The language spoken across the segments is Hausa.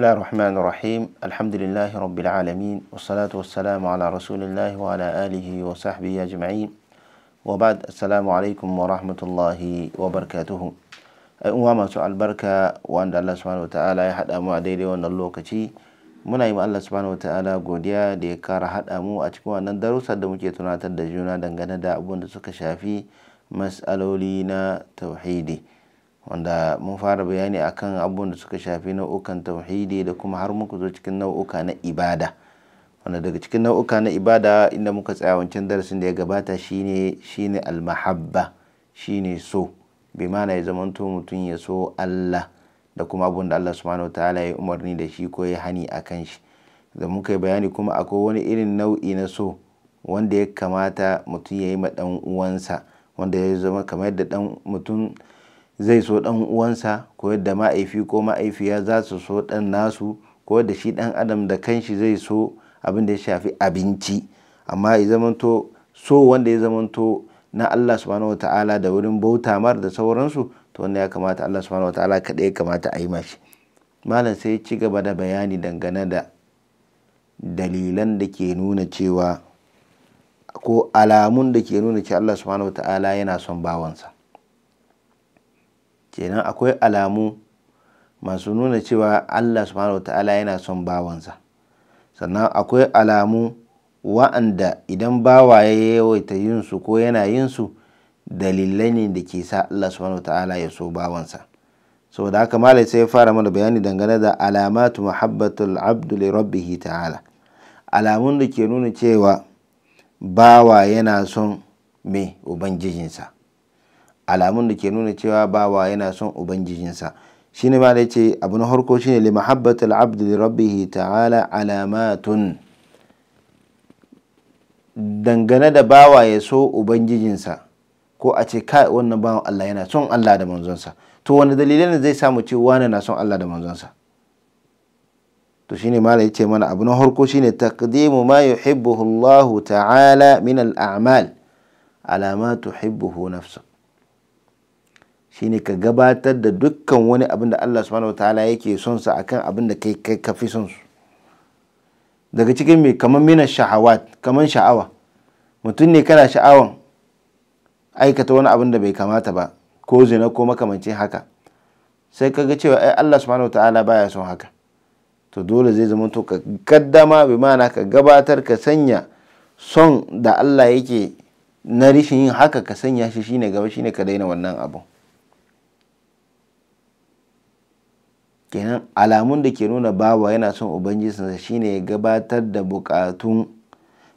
الله الرحمن الرحيم الحمد لله رب العالمين والصلاة والسلام على رسول الله وعلى آله وصحبه أجمعين وبعد السلام عليكم ورحمة الله وبركاته أيوة ما سؤال بركة وأن الله سبحانه وتعالى يحد أمو عديدي وأن الله muna yi Allah subhanahu wataala godiya da ya kara haɗa mu a cikin wannan darussan da muke tunatar da juna dangane da abubuwan wanda mun fara bayani akan abubuwan da suka shafi nau'ukan tauhidi da kuma har muka zo cikin nau'uka na ibada wanda daga cikin nau'uka na ibada inda muka tsaya wancan darasin da ya gabata shine shine almahabba shine so bi mana ya zamanto mutum ya so Allah da kuma abun da Allah subhanahu ta'ala ya umarni da shi ko ya hani akan shi da muka yi bayani kuma akwai wani irin nau'i na so wanda ya kamata mutum ya yi ma dan uwansa wanda ya zama kamar yadda dan mutum zai so ɗan uwansa ko yadda ma'aifi ko ma'aifiya za su so ɗan nasu ko yadda shi ɗan adam da kanshi zai so abin da ya shafi abinci amma ya zamanto so wanda ya zamanto na Allah subhanahu wata'ala da wurin bauta mar da sauransu to wanda ya kamata Allah subhanahu wata'ala kaɗai ya kamata a yi mashi malam sai ci gaba da bayani dangane da dalilan da ke nuna cewa ko alamun da ke nuna cewa Allah subhanahu wata'ala yana son bawansa kenan akwai alamu masu nuna cewa Allah subhanahu ta'ala yana son bawansa sannan akwai alamu wa'anda idan bawa ya yawaita yin su ko yana yin su dalilai ne da ke sa Allah subhanahu ta'ala ya so bawansa saboda haka malai sai ya fara mana bayani dangane da alamatu muhabbatul abdu rabbihi ta'ala alamun da ke nuna cewa bawa yana son me ubangijinsa alamun da ke nuna cewa bawa yana son ubangijinsa ne ma da ce abu na harko shine li mahabbatul abdi li rabbih ta'ala alamatun dangane da bawa ya so ubangijinsa ko a ce kai wannan bawan Allah yana son Allah da manzonsa to wani dalilai ne zai samu ce wani na son Allah da manzonsa to shine ma yace mana abu na harko shine taqdimu ma yuhibbuhu Allah ta'ala min al-a'mal ala ma tuhibbuhu shine ka gabatar da dukkan wani abin da Allah subhanahu ta'ala yake son sa akan abin da kai kai kafi son su daga cikin mai kamar mina shahawat kamar sha'awa mutum ne kana sha'awan aikata wani abin da bai kamata ba ko zina ko makamancin haka sai kaga cewa ai Allah subhanahu ta'ala baya son haka to dole zai zama to ka kaddama bi ka gabatar ka sanya son da Allah yake na rishin yin haka ka sanya shi shine gaba shine ka daina wannan abun kenan alamun da ke nuna bawa yana son ubangijinsa shine ya gabatar da bukatun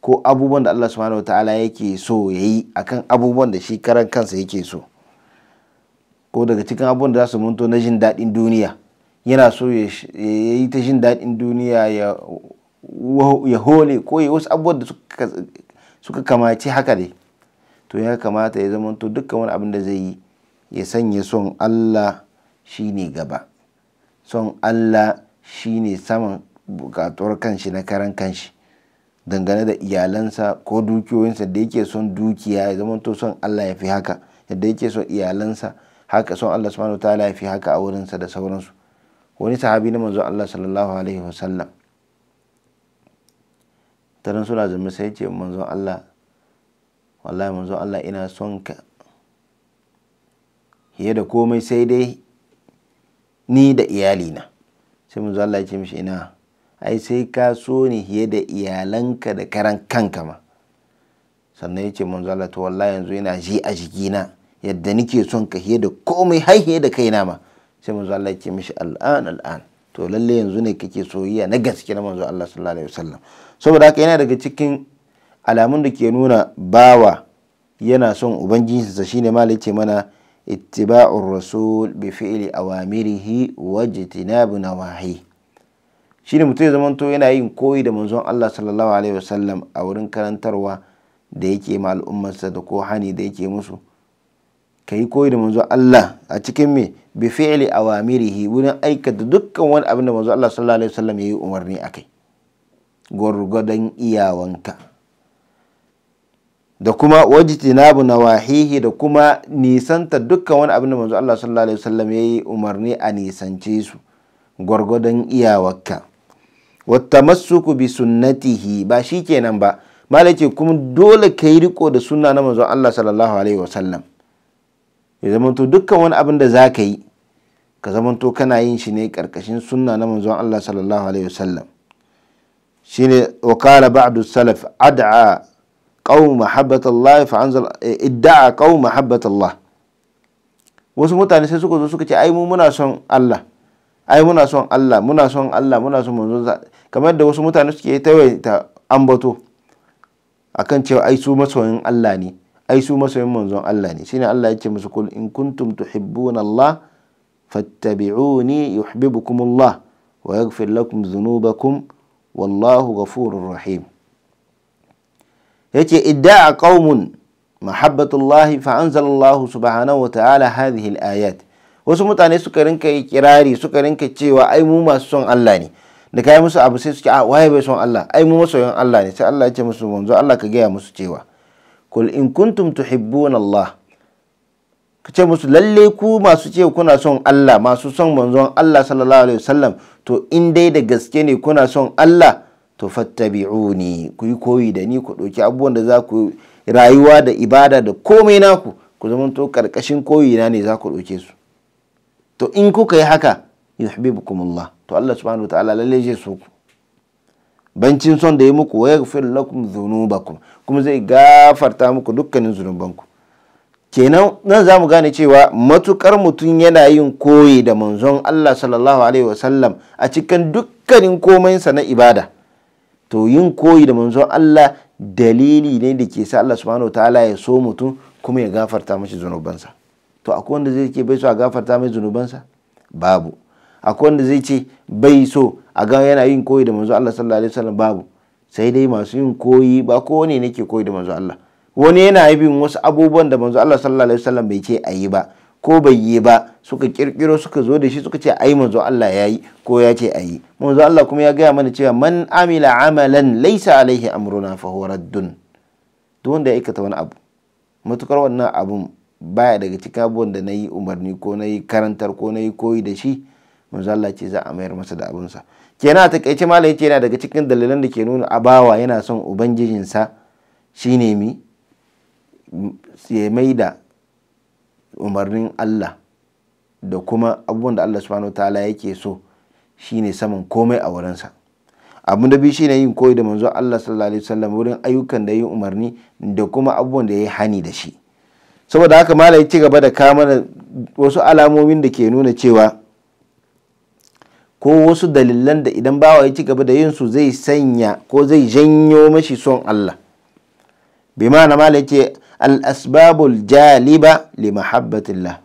ko abubuwan da Allah subhanahu ta'ala yake so ya yi akan abubuwan da shi karan kansa yake so ko daga cikin abubuwan da za su munto na jin daɗin duniya yana so ya yi ta jin daɗin duniya ya hole ko ya wasu abubuwan da suka kamace haka dai to ya kamata ya zamanto dukkan wani abin da zai yi ya sanya son Allah shine gaba son Allah shine saman bukatuwar kanshi na karan kanshi dangane da iyalansa ko dukiyoyinsa da yake son dukiya ya zama to son Allah ya fi haka yadda yake son iyalansa haka son Allah subhanahu wa ta'ala ya fi haka a wurinsa da sauransu wani sahabi na manzo Allah sallallahu alaihi wasallam taron suna zama sai ce manzo Allah wallahi manzo Allah ina son ka fiye da komai sai dai ni da iyalina sai mun Allah ya ce mishi ina ai sai ka so ni fiye da iyalanka da karan kanka ma sannan ya ce manzo to wallahi yanzu ina ji a jikina yadda nike son ka fiye da komai har fiye da kaina ma sai mun Allah ce mishi al'an al'an to lalle yanzu ne kake soyayya na gaske na manzo Allah sallallahu alaihi wasallam saboda haka yana daga cikin alamun da ke nuna bawa yana son ubangijinsa shine malai ce mana اتباع الرسول بفعل awamirihi واجتناب نواهيه shine mutum ya zamanto yana yin koyi da manzon Allah sallallahu alaihi wasallam a wurin karantarwa da yake ma al'ummarsa da ko hani da yake musu kai koyi da manzon Allah a cikin me bi fi'li awamirihi wurin aikata dukkan wani abin da manzon Allah sallallahu alaihi wasallam yayi umarni akai gwargwadon iyawanka da kuma na na wahihi da kuma nisanta dukkan wani abin da manzo Allah sallallahu alaihi wasallam yayi umarni a nisance su gwargwadon iyawarka masuku bi sunnatihi ba shi kenan ba malake kuma dole ka yi riko da sunna na manzon Allah sallallahu alaihi wasallam ya zamanto dukkan wani abin da za ka yi ka zamanto kana yin shi ne karkashin sunna na manzon Allah sallallahu alaihi wasallam shine wa qala ba'du salaf ad'a qaum mahabbatallah fa anzal idda'a qaum mahabbatallah wasu mutane sai suka zo suka ce ai mu muna son Allah ai muna son Allah muna son Allah muna son manzo kamar da wasu mutane suke ta ambato akan cewa ai su masoyin Allah ne ai su masoyin manzon Allah ne shine Allah yake musu kul in kuntum tuhibbuna Allah fattabi'uni yuhibbukum Allah wa yaghfir lakum dhunubakum wallahu ghafurur rahim idda a ƙaumun mahabbatullahi fa su ba’ana wata'ala hadhihi al-ayat wasu mutane suka rinka yi kirari suka rinka cewa ai mu masu son Allah ne da yi musu abu sai suke a ah, waye bai son Allah ai mu masoyan Allah ne sai Allah ya ce musu manzo Allah ka gaya musu cewa kul in kuntum tuhibbuna Allah ka ce musu lalle ku masu ce kuna son Allah masu son manzon Allah sallallahu alaihi wasallam to in dai da gaske ne kuna son Allah to fattabi'uni ku yi koyi da ni ku ɗauki abubuwan da za ku rayuwa da ibada da komai naku ku zama to karkashin koyi na ne za ku ɗauke su to in kuka yi haka yuhibbukumullah to Allah subhanahu wataala lalle zai so ku bancin son da ya muku wa yaghfir lakum dhunubakum kuma zai gafarta muku dukkanin zunubanku kenan nan za mu gane cewa matukar mutum yana yin koyi da manzon Allah sallallahu alaihi wasallam a cikin dukkanin komai sa na ibada to yin koyi da manzon Allah dalili ne da ke sa Allah subhanahu ta'ala ya so mutum kuma ya gafarta mashi zunubansa to akwai wanda zai ce bai so a gafarta mai zunubansa babu akwai wanda zai ce bai so a ga yana yin koyi da manzon Allah sallallahu alaihi wasallam babu sai dai masu yin koyi ba ko ne ke koyi da manzon Allah wani yana yin wasu abubuwan da manzon Allah sallallahu alaihi wasallam bai ce a yi ba ko bai yi ba suka kirkiro suka zo da shi suka ce ai manzo Allah ya yi ko ya ce ayi manzo Allah kuma ya gaya mana cewa man amila amalan laisa alaihi amruna fa huwa raddun duk wanda ya aikata wani abu matukar wannan abun baya daga cikin abubuwan da nayi umarni ko na karantar ko na yi koyi da shi manzo Allah ce za a mayar masa da abun sa kenan a takaice malai ce yana daga cikin dalilan da ke nuna abawa yana son ubangijinsa shine mi ya maida umarnin Allah da kuma abubuwan da Allah subhanahu ta'ala yake so shine saman komai a wurinsa abu da biyu shine yin koyi da manzo Allah sallallahu alaihi wasallam wurin ayyukan da yi umarni da kuma abubuwan da ya hani da shi saboda haka mala ya ci gaba da kama wasu alamomin da ke nuna cewa ko wasu dalilan da idan bawa ya ci gaba da yin su zai sanya ko zai janyo mashi son Allah bi ma'ana mala ya ce al-asbabul le li mahabbatillah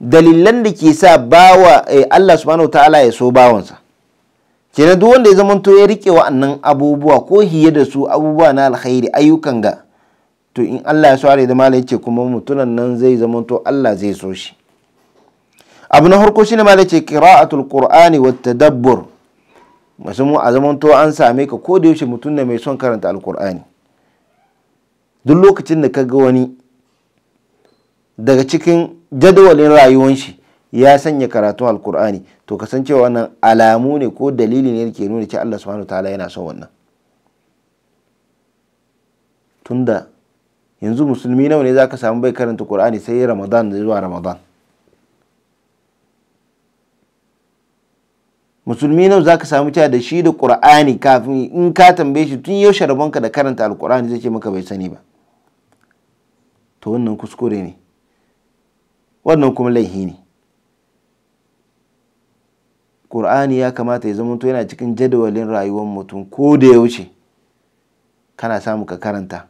dalilan da ke sa ba wa eh, Allah subhanahu ta'ala ya so bawansa kenan duk wanda ya zamanto ya rike wa'annan abubuwa ko hiye da su abubuwa na alkhairi ayyukan ga to in Allah ya so da malai yace kuma mutunan nan zai to Allah zai so shi abu na farko shine mala yace qira'atul qur'ani wat tadabbur masu mu a zamanto an same ka ko da yaushe mutum ne mai son karanta alqur'ani duk lokacin da ka ga wani daga cikin jadawalin rayuwan shi ya sanya karatu alkur'ani to cewa wannan alamu ne ko dalili ne ke nuna cewa Allah subhanahu ta'ala yana son wannan tunda yanzu musulmi nawa ne za ka samu bai karanta qur'ani sai ramadan da zuwa ramadan musulmi nawa za ka samu cewa da shi da qur'ani kafin in ka tambaye shi tun yaushe rabonka da karanta alkur'ani zai ce maka bai sani ba to wannan kuskure ne wannan kuma laihi ne ƙur'ani ya kamata ya zamanto yana cikin jadawalin rayuwar mutum ko da ya wuce kana samu ka karanta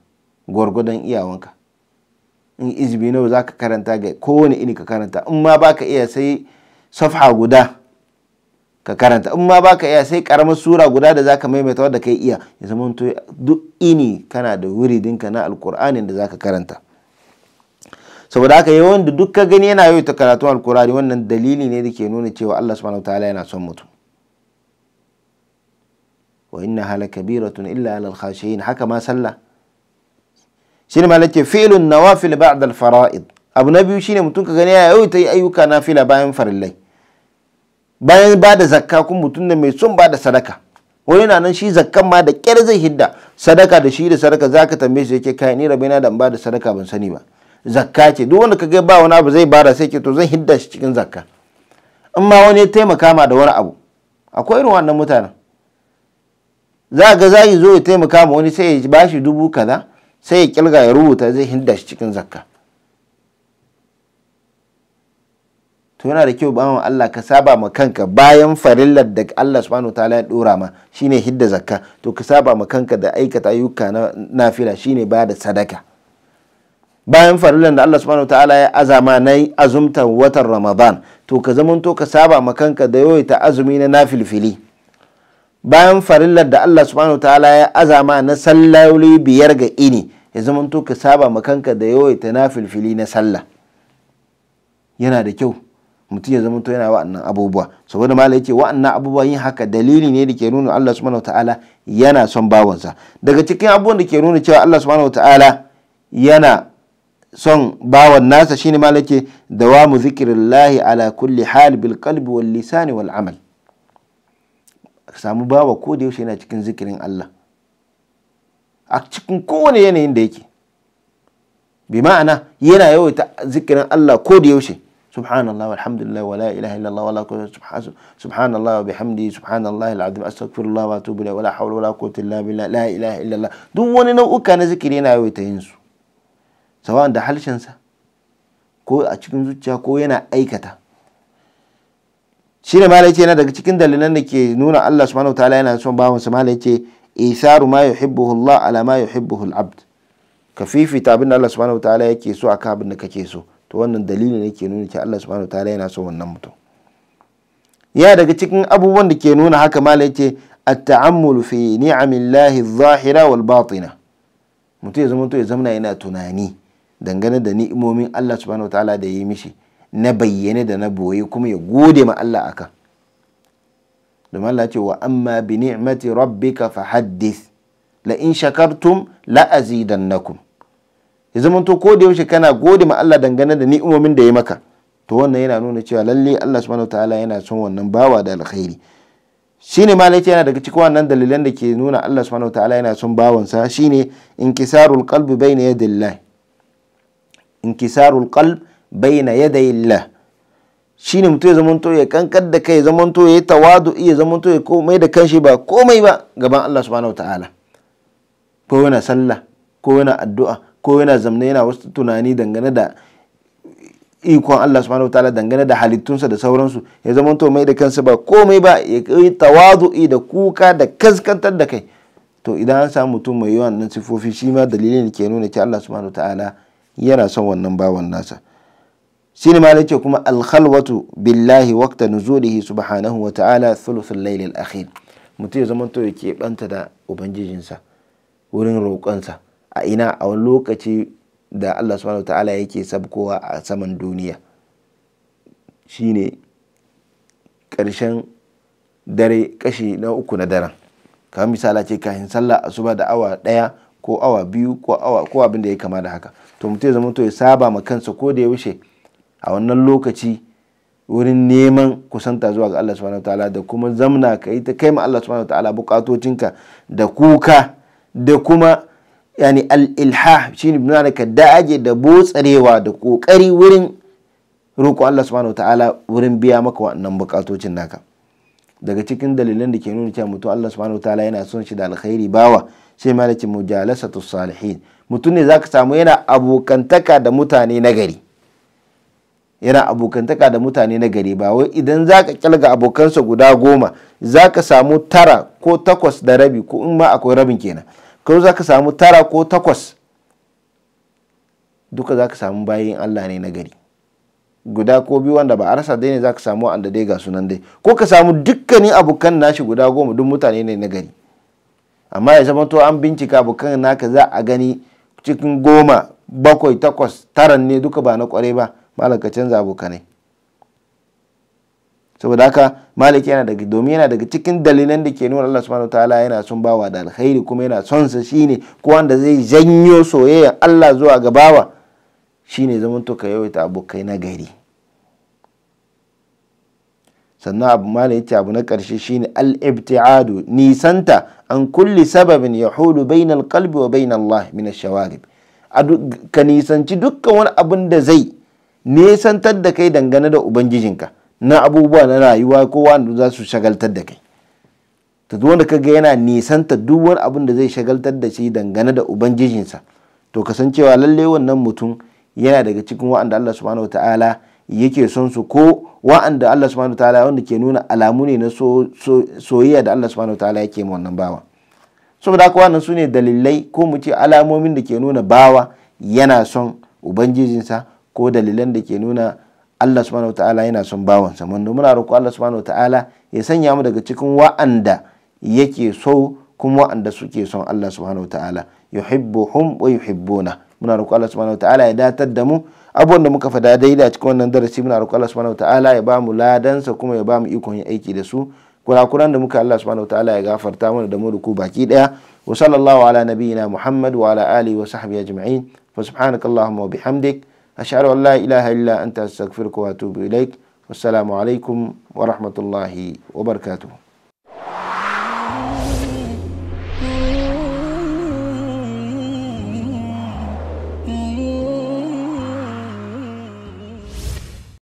gwargwadon iyawanka in izbi nawa za ka karanta ga kowane ini ka karanta in ma ba ka iya sai safha guda ka karanta in ma ba ka iya sai karamar sura guda da za ka maimaita wadda ka iya ya zama duk ini kana da wuri dinka na alkur'anin da za ka karanta saboda aka yawan da duk ka gani yana yau ta karatu alkurani wannan dalili ne da ke nuna cewa Allah subhanahu wa ta'ala yana son mutum wa inna hala kabiratun illa ala alkhashiyin haka ma sallah shine ma lake fi'lun nawafil ba'da alfara'id abu na biyu shine mutum ka gani ya yau ta yi ayyuka nafila bayan farillai bayan ba da zakka kun mutum ne mai son ba da sadaka wani na nan shi zakkan ma da kyar zai hidda sadaka da shi da sadaka zaka tambaye shi yake kai ni rabina da in ba da sadaka ban sani ba zakka ce duk wanda kaga ba wani abu zai bara sai ke to zan hidda shi cikin zakka in ma wani ya taimaka ma da wani abu akwai irin wannan mutanen za ga za zo ya taimaka ma wani sai ya bashi dubu kaza sai ya kilga ya rubuta zai hidda shi cikin zakka to yana da kyau ba mu Allah ka saba ma kanka bayan farillar da Allah subhanahu wa ta'ala ya dora ma shine hidda zakka to ka saba ma kanka da aikata ayyuka na nafila shine ba da sadaka bayan farillan da Allah subhanahu ta'ala ya azama na azumtar watan ramadan to ka zamanto ka saba ma kanka da yawaita azumi na nafilfili bayan farillar da Allah subhanahu ta'ala ya azama na salloli biyar ga ini ya zamanto ka saba ma kanka da yawaita nafilfili na sallah yana da kyau mutum ya to yana wa'annan abubuwa saboda malai yake wa'annan abubuwa yin haka dalili ne da ke nuna Allah subhanahu ta'ala yana son bawansa daga cikin abubuwan da ke nuna cewa Allah subhanahu ta'ala yana son bawan nasa shine ma lake dawamu zikrillahi ala kulli hal bil qalbi wal lisani wal amal samu bawa ko da yaushe yana cikin zikirin Allah a cikin kowane yanayin da yake bi ma'ana yana yawaita zikirin Allah ko da yaushe subhanallah walhamdulillah wala ilaha illallah wala quwwata subhanallah wa bihamdihi subhanallah alazim astaghfirullah wa atubu ilayhi wala hawla wala quwwata illa billah la ilaha illallah duk wani nau'uka na zikiri yana yawaita yin su sawa da halshensa ko a cikin zuciya ko yana aikata shine malai ce yana daga cikin dalilan da ke nuna Allah subhanahu ta'ala yana son bawan sa malai ce isaru ma yuhibbuhu Allah ala ma yuhibbuhu al-abd ka fifita abin da Allah subhanahu ta'ala yake so akan abin da kake so to wannan dalilin ne ke nuna ce Allah subhanahu ta'ala yana son wannan mutum ya daga cikin abubuwan da ke nuna haka malai ce at-ta'ammulu fi ni'amillahi adh-dhahira wal batina mutum ya zama to ya zamana yana tunani dangane da ni'imomin Allah subhanahu wataala da ya yi mishi na bayyane da na boye kuma ya gode ma Allah akan domin Allah ce wa amma bi ni'mati rabbika fa haddith la in shakartum la azidannakum ya to ko da yaushe kana gode ma Allah dangane da ni'imomin da ya maka to wannan yana nuna cewa lalle Allah subhanahu wataala yana son wannan bawa da alkhairi shine ma yana daga cikin wannan dalilan da ke nuna Allah subhanahu wataala yana son bawansa shine inkisarul qalbi bayna yadillahi inkisarul qalb bayna shi shine mutum ya zamanto ya kankar da kai zamanto ya yi tawadu ya zamanto ya komai da kanshi ba komai ba gaban Allah subhanahu wa ta'ala ko yana sallah ko yana addu'a ko yana zamne yana wasu tunani dangane da ikon Allah subhanahu wa ta'ala dangane da halittunsa da sauransu ya zamanto mai da kansa ba komai ba ya yi tawadu'i da kuka da kaskantar da kai to idan an samu mutum mai yawan nan sifofi shi ma dalilin ke nuna ke Allah subhanahu wa ta'ala yana son wannan bawan nasa shine ma ce kuma alkhalwatu billahi waqta nuzulihi subhanahu wa ta'ala thuluthul layl akhir mutum ya zama to ya keɓanta da ubangijinsa wurin roƙonsa a ina a wani lokaci da Allah subhanahu wa ta'ala yake sabkowa a saman duniya shine ƙarshen dare kashi na uku na daren kamar misala ce kahin sallah a asuba da awa ɗaya ko awa biyu ko awa ko abin da ya kama da haka to mutum ya zama to ya saba ma kansa ko da ya wuce a wannan lokaci wurin neman kusanta zuwa ga Allah subhanahu wataala da kuma zamna ka yi ta kai ma Allah subhanahu wataala bukatocinka da kuka da kuma yani al-ilha shine bi da ka dage da botsarewa da kokari wurin roƙo Allah subhanahu wataala wurin biya maka wannan bukatocin naka daga cikin dalilan da ke nuna cewa mutum Allah subhanahu wataala yana son shi da alkhairi bawa sai malaki mujalasatu salihin mutum ne zaka samu yana abokantaka da mutane na yana abokantaka da mutane na gari ba wai idan zaka kilga abokansa guda goma zaka samu tara ko takwas da rabi ko in ma akwai rabin kenan ko zaka samu tara ko takwas duka zaka samu bayin Allah ne na gari guda ko biyu wanda ba a rasa dai ne za ka samu wanda dai ga sunan dai ko ka samu dukkanin abokan nashi guda goma duk mutane ne na gari amma ya zama to an bincika abokan naka za a gani cikin goma bakwai takwas taran ne duka ba na kware ba malaka canza abokanai saboda haka maliki yana daga domin yana daga cikin dalilan da ke nuna Allah subhanahu ta'ala yana son bawa da alkhairi kuma yana son sa shine ko wanda zai janyo soyayyar Allah zuwa ga bawa shine zaman to ka yawaita abokai na gari sannan abu malam yace abu na karshe shine al-ibti'adu nisanta an kulli sababin yahulu bainal qalbi wa bainal Allah min ash-shawarib ka nisanci dukkan wani abin da zai nisantar da kai dangane da ubangijinka na abubuwa na rayuwa ko wanda za su shagaltar da kai ta wanda kaga yana nisantar duk wani abin da zai shagaltar da shi dangane da ubangijinsa to kasancewa lallai wannan mutum yana daga cikin wa'anda Allah subhanahu wata'ala yake son su ko wa'anda Allah subhanahu wata'ala wanda ke nuna alamu ne na soyayya da Allah subhanahu wata'ala yake ma wannan bawa saboda haka wannan sune dalilai ko mu ce alamomin da ke nuna bawa yana son ubangijinsa ko dalilan da ke nuna Allah subhanahu wata'ala yana son bawansa wanda muna roƙo Allah subhanahu wata'ala ya sanya mu daga cikin wa'anda yake so kuma wa'anda suke son Allah subhanahu wata'ala yuhibbuhum wa yuhibbuna muna roƙo Allah subhanahu wataala ya datar da mu abubuwan da muka fada daidai cikin wannan darasi muna roƙo Allah subhanahu wataala ya ba mu sa kuma ya ba mu ikon yin aiki da su kurakuran da muka Allah subhanahu wataala ya gafarta mana da mu da baki daya wa sallallahu ala nabiyyina Muhammad wa ala alihi wa sahbihi ajma'in fa subhanakallahumma wa bihamdik ashhadu an la ilaha illa anta astaghfiruka wa atubu ilaik wassalamu alaikum wa rahmatullahi wa barakatuh